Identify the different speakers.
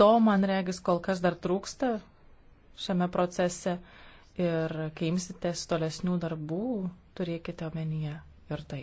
Speaker 1: To, man regis, kol kas dar trūksta šiame procese ir kai imsitės tolesnių darbų, turėkite omenyje ir tai.